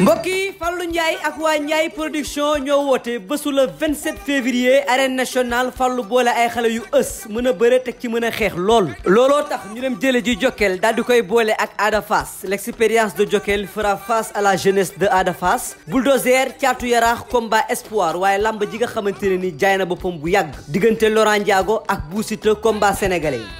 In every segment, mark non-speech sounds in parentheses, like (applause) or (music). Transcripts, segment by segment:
mbokk yi Fallou Ndiaye ak waa Ndiaye production ñoo woote bésu le 27 février arène nationale Fallou boole ay xale yu ës mën a bëre teg ci mën a xeex lool. looloo tax ñu dem jële ji Jokal daal di koy boole ak Ada Fass l'expérience de Jokal fera face à la jeunesse de Ada Fass bulldozer caatu yaraax combat espoir waaye lamb ji nga xamante ne ni jaay na boppam bu yàgg diggante Laurent Ndiago ak Bou Siteu combat sénégalais yi.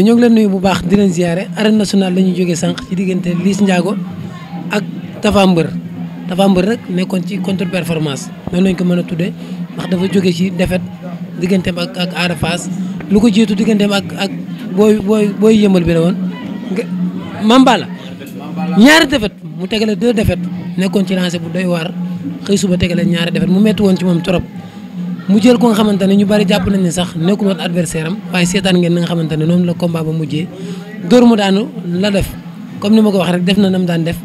ñoo ngi leen nuyu bu baax di leen ziare arène nationale la ñu jógee sànq ci diggante Liss Ndiago ak Tapha Mbeur rek nekkoon ci contre performance noonu lañ ko mën a tuddee ndax dafa jóge ci défaite digganteem ak ak Ada Fass lu ko jiitu digganteem ak ak booy booy booy yëmbal bi la woon Mambala ñaari défaite mu tegale deux défaite nekkoon ci lancé bu doy waar xëy suba tegale ñaari défaite mu metti woon ci moom trop. mu jël ko nga xamante ne ñu bari jàpp nañ ne sax nekkul woon adversaire am waaye seetaan ngeen na nga xamante ne noonu la combat ba mujjee dóor mu daanu la def comme ni ma ko wax rek def na nam daan def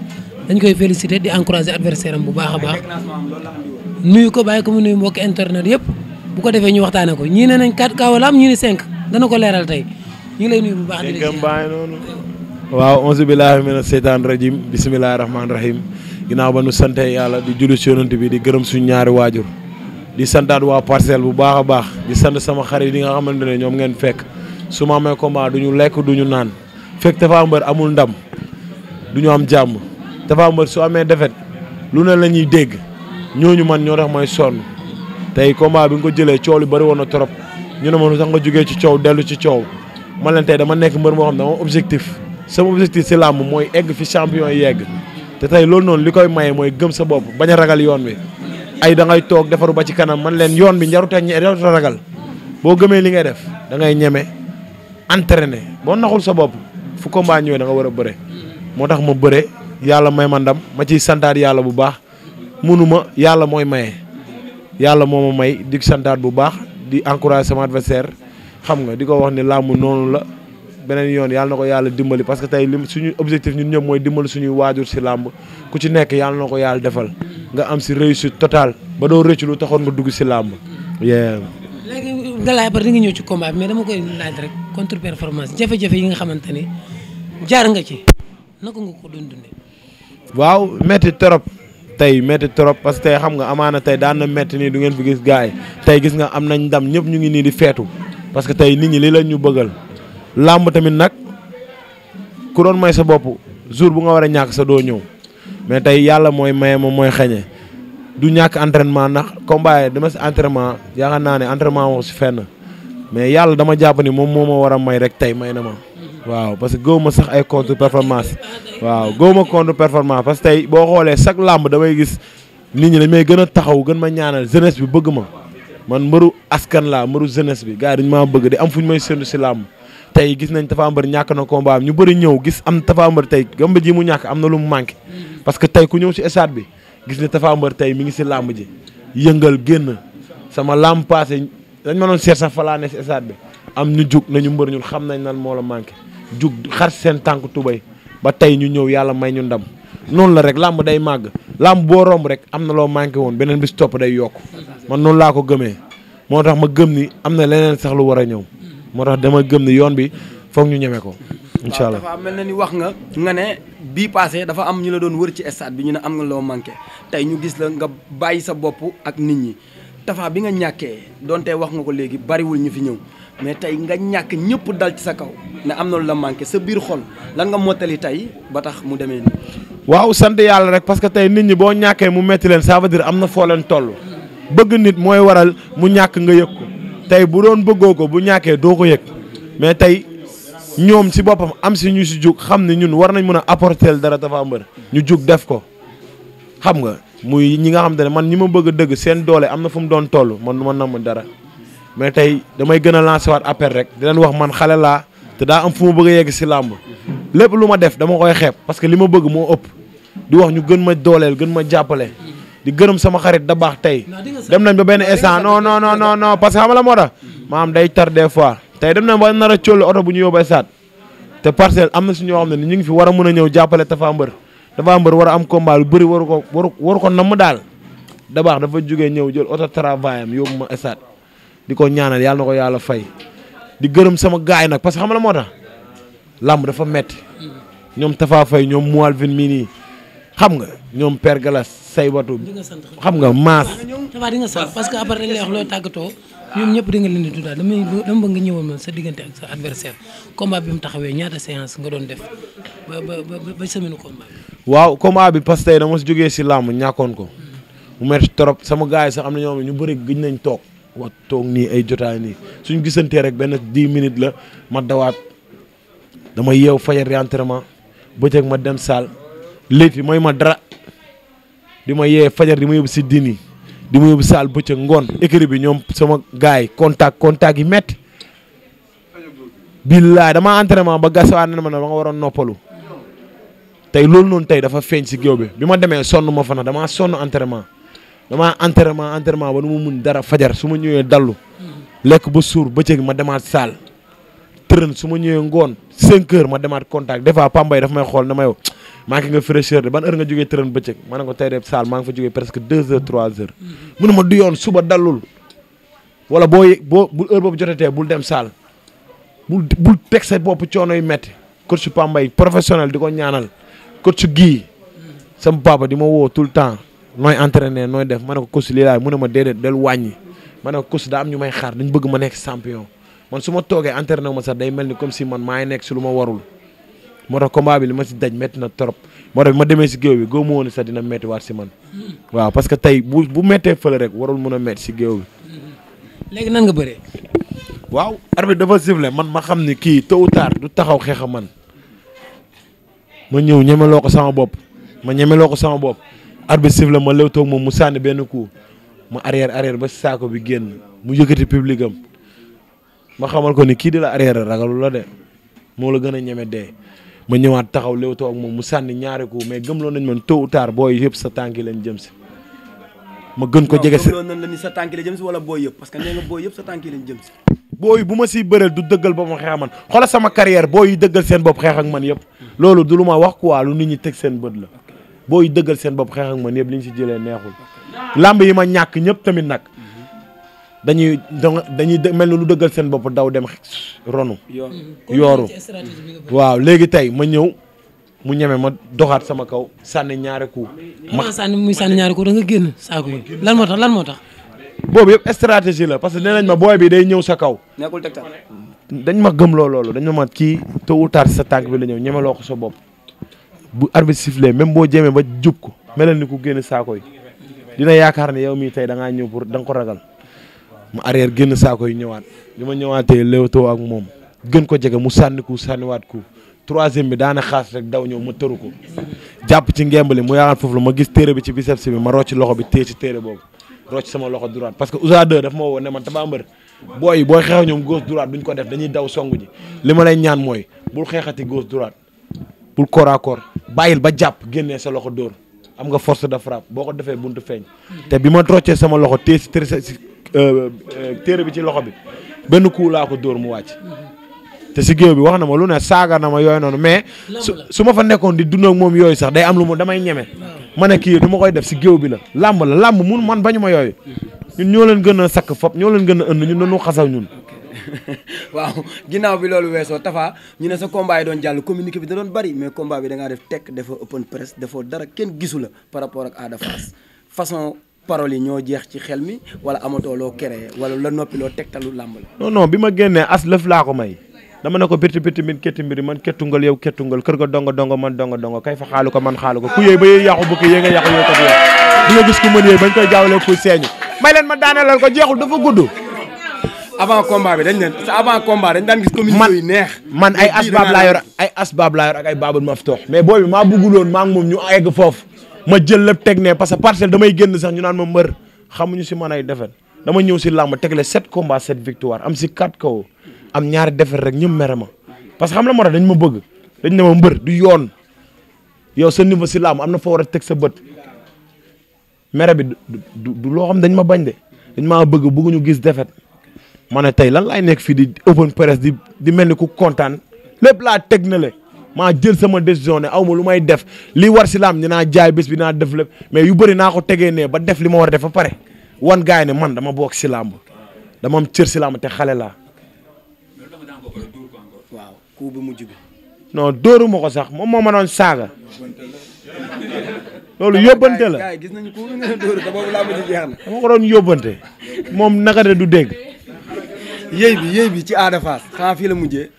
dañ koy féliciter di encourager adversaire am bu baax a baax nuyu ko bàyyi ko mu nuyu mbokki internet yëpp bu ko defee ñu waxtaane ko ñii ne nañ 4 kaw la am ñii ne 5 dana ko leeral tey ñu ngi lay nuyu bu baax di la noonu waaw onze billahi mina seytaan rajim bisimilahi rahmaani rahim ginnaaw ba nu yàlla di julli ci yonent bi di gërëm suñ ñaari waajur di santaat waa parcelle bu baax a baax di sant sama xarit yi nga xamante ne ñoom ngeen fekk su ma amee combat du ñu lekk du ñu naan fekk Tapha Mbeur amul ndam du ñu am jàmm Tapha Mbeur su amee defet lu ne la ñuy dégg ñooñu man ñoo tax may sonn tey combat bi nga ko jëlee coow li bëri woon na trop ñu ne ma lu tax nga jógee ci coow dellu ci coow ma leen tey dama nekk mbër moo xam dama objectif sam objectif si làmb mooy egg fi champion yegg te tey loolu noonu li koy maye mooy gëm sa bopp bañ a ragal yoon wi ay da toog defaru ba ci kanam man leen yoon bi njaruta njaruta ragal boo gëmee li ngay def da ngay ñeme entraîné boo naxul sa bopp fu compagne ñëwee da nga war a bëre moo tax ma bëre yàlla may ma ndam ma ciy santaat yàlla bu baax munuma yàlla mooy maye yàlla moo ma may di santaat bu baax di encourager sama adversaire xam nga di ko wax ni làmb noonu la beneen yoon yàlla na ko yàlla dimbali parce que tey lim suñu objectif ñun ñëpp mooy dimbali suñuy waajur si làmb ku ci nekk yàlla na ko yàlla defal nga am si réussite total ba doo rëcc lu taxoon nga dugg si làmb. léegi Galaye Barre di nga ñëw ci combat bi mais dama koy laaj rek contre performance jafe-jafe nga xamante ne jaar nga ci naka ko doon dundee. waaw metti trop tey metti trop parce que tey xam nga amaana tey daan na metti nii du ngeen fi gis gars tey gis nga am nañ ndam ñëpp ñu ngi nii di feetu parce que tey nit ñi li la ñu bëggal làmb tamit nag ku doon may sa bopp jour bu nga war a ñàkk sa doo ñëw. mais tey yàlla mooy maye moom mooy xañe du ñàkk entraînement nax combat yi dama si entraînement yaakaar naa ne entraînement moo si fenn mais yàlla dama jàpp ni moom moo ma war a may rek tey may na ma. waaw parce que góob ma sax ay contre performance waaw góob ma contre performance parce que tey boo xoolee chaque làmb damay gis nit ñi ne may gën a taxaw gën ma ñaanal jeunesse bi bëgg ma man mbëru askan laa mbëru jeunesse bi gars yi dañu maa bëgg di am fu ñu may séntu si làmb. tey gis nañ Tapha Mbeur ñàkk na combat am ñu bëri ñëw gis am Tapha Mbeur tey gamba ji mu ñàkk am na lu mu manqué parce que tey ku ñëw si stade bi gis ne Tapha Mbeur tey mi ngi si làmb ji yëngal génn sama làmb passé dañ ma doon seet sax fa si stade bi am ñu jug nañu mbër ñun xam nañ nan moo la manqué jug xar seen tànk tubay ba tey ñu ñëw yàlla may ñu ndam noonu la rek làmb day màgg làmb boo romb rek am na loo manqué woon beneen bis topp day yokk man noonu laa ko gëmee moo tax ma gëm ni am na leneen sax lu war a ñëw moo tax dama gëm ni yoon bi foog ñu ñeme ko. incha allah mel na ni wax nga nga ne bii passé dafa am ñu la doon wër ci stade bi ñu ne am na loo manqué tey ñu gis la nga bàyyi sa bopp ak nit ñi tafa bi nga ñàkkee donte wax nga ko léegi bariwul ñu fi ñëw mais tey nga ñàkk ñëpp dal ci sa kaw ne am na lu la manqué sa biir xol lan nga mottali tey ba tax mu demee nii. waaw sant yàlla rek parce que tey nit ñi boo ñàkkee mu metti leen ça veut dire am na foo leen toll bëgg nit mooy waral mu ñàkk nga yëg ko tey bu doon bëggoo ko bu ñàkkee doo ko yëg mais tey ñoom si boppam am si ñu si jug xam ne ñun war nañ mën a apporter dara Tapha Mbeur ñu jug def ko xam nga muy ñi nga xam te ne man ñi ma bëgg a dëgg seen doole am na fu mu doon toll man ma namm dara mais tey damay gën a lancer waat appel rek di wax man xale laa te daa am fu ma bëgg yegg si làmb lépp lu ma def dama koy xeeb parce que li ma bëgg moo ëpp di wax ñu gën ma dooleel gën ma jàppale di gërëm sama xarit da baax tey dem nañ ba benn instant non non non non non parce que xam la moo maam day tar des fois tey dem nañ ba nar a cóolu oto bu ñu yóbbu stade te parcelle am na si ñoo xam ne ni ñu ngi fi war a mën a ñëw jàppale Tapha Mbeur Tapha am combat lu waru ko waru waru ko namm daal da baax dafa jógee ñëw jël oto travail am yóbbu ma stade di ko ñaanal yàlla na ko yàlla fay di gërëm sama gaay nag parce que xam la moo tax làmb dafa metti mm. ñoom Tafa Faye ñoom Moualvin mii nii xam nga ñoom Père Galas saybatu xam nga maas. tabaar di parce que après dañ lay wax looy tàggatoo ñoom ñëpp di nga leen di tuddaat dama dama bëgg nga ñëwoon man sa waaw combat bi parce que tey dama jógee si làmb ñàkkoon ko. mu métti sama gars yi sax am na ñoo xam ñu bëri gëj nañ toog wa toog nii ay jotaay nii suñu gisantee rek benn 10 minutes la ma dawaat dama yeew fajar entraînement bëccëg ma dem salle léegi mooy ma dara. di ma yee fajar di ma yóbbu si dini di ma yóbbu saal bëccëg ngoon écrit bi ñoom sama gars yi contact contact yi métti. billaay damaa entraînement ba gasawaat na ma ne ma waroon noppalu. tey loolu noonu tey dafa feeñ si géew bi bi ma demee sonn ma fa nag damaa sonn entraînement damaa entraînement entraînement ba nu ma mun dara fajar su ma ñëwee dallu lekk ba suur bëccëg ma demaat saal tërën su ma ñëwee ngoon 5 heures ma demaat contact des fois Pambay daf may xool na may maa nga fraîcheur de ban heure nga jógee tërën bëccëg ma ne ko tey de saal maa ngi fa jógee presque deux heures trois heures mënu ma du yoon suba dallul wala boo boo bu heure boobu jotetee bul dem saal bul bul teg sa bopp coono yu métti coach Pambay professionnel di ko ñaanal coach gii sama papa di ma woo tout le temps nooy entraîner nooy def ma ne ko coach lii laay mu ne ma déedéet del wàññi ma ne ko coach daa am ñu may xaar dañ bëgg ma nekk champion man su ma toogee entraîner ma sax day mel ni comme si man maay nekk si lu ma warul moo tax combat bi li ma si daj métti na trop moo tax ma demee si géew bi góob ma woon sax dina métti waat si man waaw parce que tey bu bu méttee fële rek warul mun a métti si géew bi. léegi nan nga bëree. waaw arbitre dafa sifflé man ma xam ni kii tôt ou du taxaw xeex a man ma ñëw ñemeloo ko sama bopp ma ñemeloo ko sama bopp arbitre sifflé ma léew toog moom mu sànni benn coup ma arrière arrière ba saako bi génn mu yëkkati public am ma xamal ko ni kii di la arrière ragalu de moo la gën a ñeme dee. ma ñëwaat taxaw léewtoo ak moom mu sànni ñaari ko mais gëmloo nañ man tôt ou tard booy yëpp sa tànk yi lañ jëm si. ma gën ko jege si waaw gëmloo nañ sa tànk yi lañ jëm wala booy yëpp que nee nga yëpp sa tànk yi lañ booy bu ma siy bëreel du dëggal ba mu xeex man xoolal sama carrière booy yi dëggal seen bopp xeex ak man yëpp. loolu du lu ma wax quoi lu nit ñi teg seen bët la. booy yi dëggal seen bopp xeex ak man yëpp li ñu si jëlee neexul. làmb yi ma ñàkk ñëpp tamit nag dañuy dañuy mel ni lu dëggal seen bopp daw dem ronu. yooru waaw léegi tey ma ñëw mu ñeme ma doxaat sama kaw sànni ñaari ku max sànni muy sànni ñaari coup da génn saako yi lan moo moo tax. boobu yëpp stratégie la parce que nee nañ ma booy bi day ñëw sa kaw. nekkul tegtal dañ ma gëm loo loolu dañ ma mat kii tôt ou sa tànk bi la ñëw ñemeloo ko sa bopp. bu arbitre sifflé même boo jëmee ba jub ko melal ni ku génn saako yi dina yaakaar ne yow mii tey da ñëw pour danga ko ragal. mu arrière génn saako yi ñëwaat li ma ñëwaatee léewtoo ak moom gën ko jege mu sànni ku sànniwaat ku troisième bi daana xaas rek daw ñëw ma tëru ko jàpp ci ngembali mu yaakaar foofu la ma gis téere bi ci bi ma rocc loxo bi téye ci téere boobu rocc sama que Ousa 2 daf ma woo ne man Tapha Mbeur booy booy xeex ñoom gauche daw song ji li ma lay ñaan mooy bul xeexati gauche droite bul corps à corps bàyyil ba jàpp génnee sa loxo dóor am nga force de frappe boo ko defee buntu feeñ te bi ma roccee sama loxo téye ci Euh, euh, téere bi ci loxo bi benn coup laa ko dóor mu wàcc te si géew bi wax na ma lu ne saaga na ma yooyu noonu mais su ma fa nekkoon di dund moom yooyu sax day am lu ma damay ñeme ma ne kii du ma koy def si géew bi la làmb la làmb mun man bañu ma yooyu ñun ñoo leen gën a sakk fop ñoo leen gën a ënd ñun dañu xasaw ñun (laughs) waaw ginnaaw bi loolu weesoo Tapha ñu ne sa combat doon jàll communiqué bi da doon mais combat bi da ngaa def tekk dafa open press dafa dara kenn gisu la par rapport ak Ada Fass paroles yi ñoo jeex ci xel mi wala amatoo loo créé wala la noppi loo tegtalu làmb la. bi ma génnee ko may. dama ne ko birti birti min ketti mbiri man kettungal yow kettungal kër ga ba yëy yàqu bukki yée nga yàqu yow ko yëy di nga gis ku mën yëy bañ koy jaawale ku seeñu ma daaneelal ko jeexul dafa gudd avant combat bi dañ leen sa avant combat dañ asbaab laa ay asbaab maftoox mais boobi maa bugguloon maa ngi moom ñu egg foofu ma jël lépp teg ne parce que parcelle damay génn sax ñu naan ma mbër xamuñu si man ay defet dama ñëw si làmb tegle sept combats sept victoire am si quatre kaw am ñaari defet rek ñëpp mere ma parce que xam la moo dañ ma bëgg dañ ne ma mbër du yoon yow sa niveau si làmb am na fa war teg sa bët mere bi du loo xam dañ ma bañ de dañ maa bëgg bëgguñu gis defet ma ne tey lan laay nekk fii di open press di di mel ni ku kontaan lépp laa teg na maa jël sama décision ne aw ma lu may def li war si laam dinaa jaay bés bi naa def lépp mais yu bëri naa ko tegee ne ba def li ma war a def ba pare wan gars yi man dama bokk si làmb dama am cër si te xale laa. waaw coup bu mujj ko sax moom moo ma doon saaga. loolu yóbbante la gis nañu ko nga yóbbante moom naka de du dégg. yéy bi yéy bi ci Ada Fass xanaa fii la mujjee.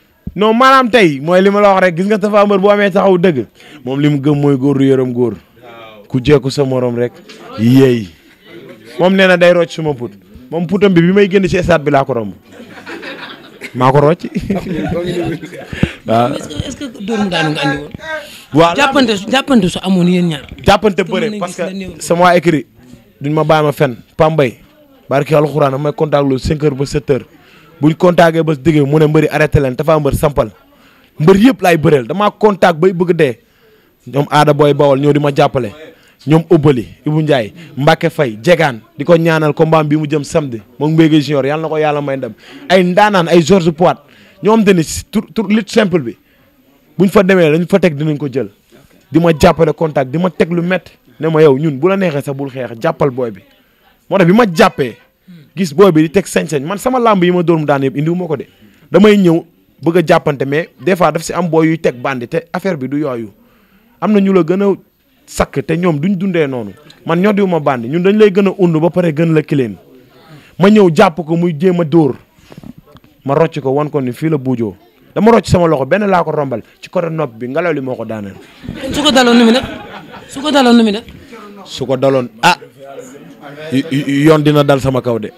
non maanaam tey mooy li ma la wax rek gis nga Tapha Mbeur bu amee taxaw dëgg moom li mu gëm mooy góor du yërëm góor ku jekku sa morom rek yéey moom nee na day rocc suma put moom putam bi bi may génn ci stade bi laa ko romb maa ko rocc. (laughs) waaw est-ce que dóorum jàppante su jàppante su amoon yéen ñaar. jàppante bëre parce que sama waa écrit duñ ma bàyyi ma fen Pambay barki alxuraan may contact lu 5 heures ba 7 heures. buñ contacté ba digg mu ne mbëri arrêté leen dafa mbër sampal mbër yëpp laay bëreel damaa contact bay bëgg dee ñoom aada booy bawol ñoo di ma jàppale ñoom ubbali Ibou Ndiaye mbake fay jegaan di ko ñaanal ko combat bi mu jëm samedi moom mbéyge junior yàlla ko yàlla may ndam ay ndaanaan ay Georges Poit ñoom am te ni tur tur lutte simple bi buñ fa demee dañ fa teg dinañ ko jël di ma jàppale contact di ma teg lu métti ne ma yow ñun bu la neexee sa bul xeex jàppal booy bi moo bi ma jàppee gis booy bi di teg sañ-sañ man sama làmb yi ma dóor mu daan yëpp ko de damay ñëw bëgg a jàppante mais des fois daf si am booy yuy teg bandi te affaire bi du yooyu am na ñu la gën a sakk te ñoom duñ dundee noonu man ñoddiwu ma bandi ñun dañ lay gën a undu ba pare gën la kileen ma ñëw jàpp ko muy jéem a dóor ma rocc ko wan ko ni fii la buujoo dama rocc sama loxo benn laa ko rombal ci côté nopp bi ngelaw li moo ko daaneel. su ko daloon yoon dina dal sama kaw de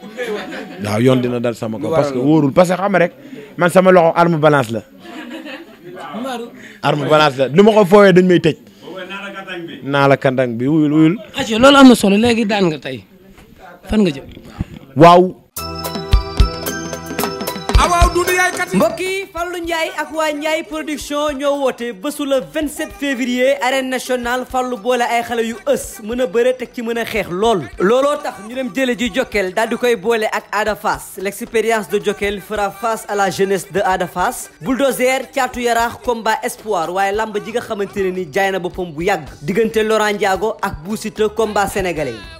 waaw yoon dina dal sama kaw parce que wóorul parce que xam rek man sama loxo arme balance la arme balance la lu ma ko foowee dañ may tëj naa la kandang bi wuyul wuyul loolu am na solo léegi daan nga tey fan nga jëm mbokk yi Fallou Ndiaye ak waa Ndiaye production ñoo woote bésu le 27 février arène nationale Fallou boole ay xale yu ës mën a bëre teg ci mën a xeex lool. looloo tax ñu dem jële ji Jokal daal di koy boole ak Ada l'expérience de Jokal fra face à la jeunesse de Ada Fass bulldozer caatu yaraax combat espoir waaye lamb ji nga xamante ne ni jaay na boppam bu yàgg diggante Laurent Ndiago ak Bou Siteu combat yi.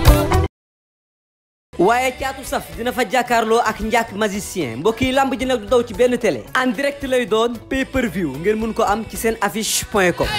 waaye caatu saf dina fa jàkkaarloo ak njàkk magicien mbokk yi lamb ji nag du daw ci benn télé en direct lay doon pay ngeen mun ko am ci seen affiche point com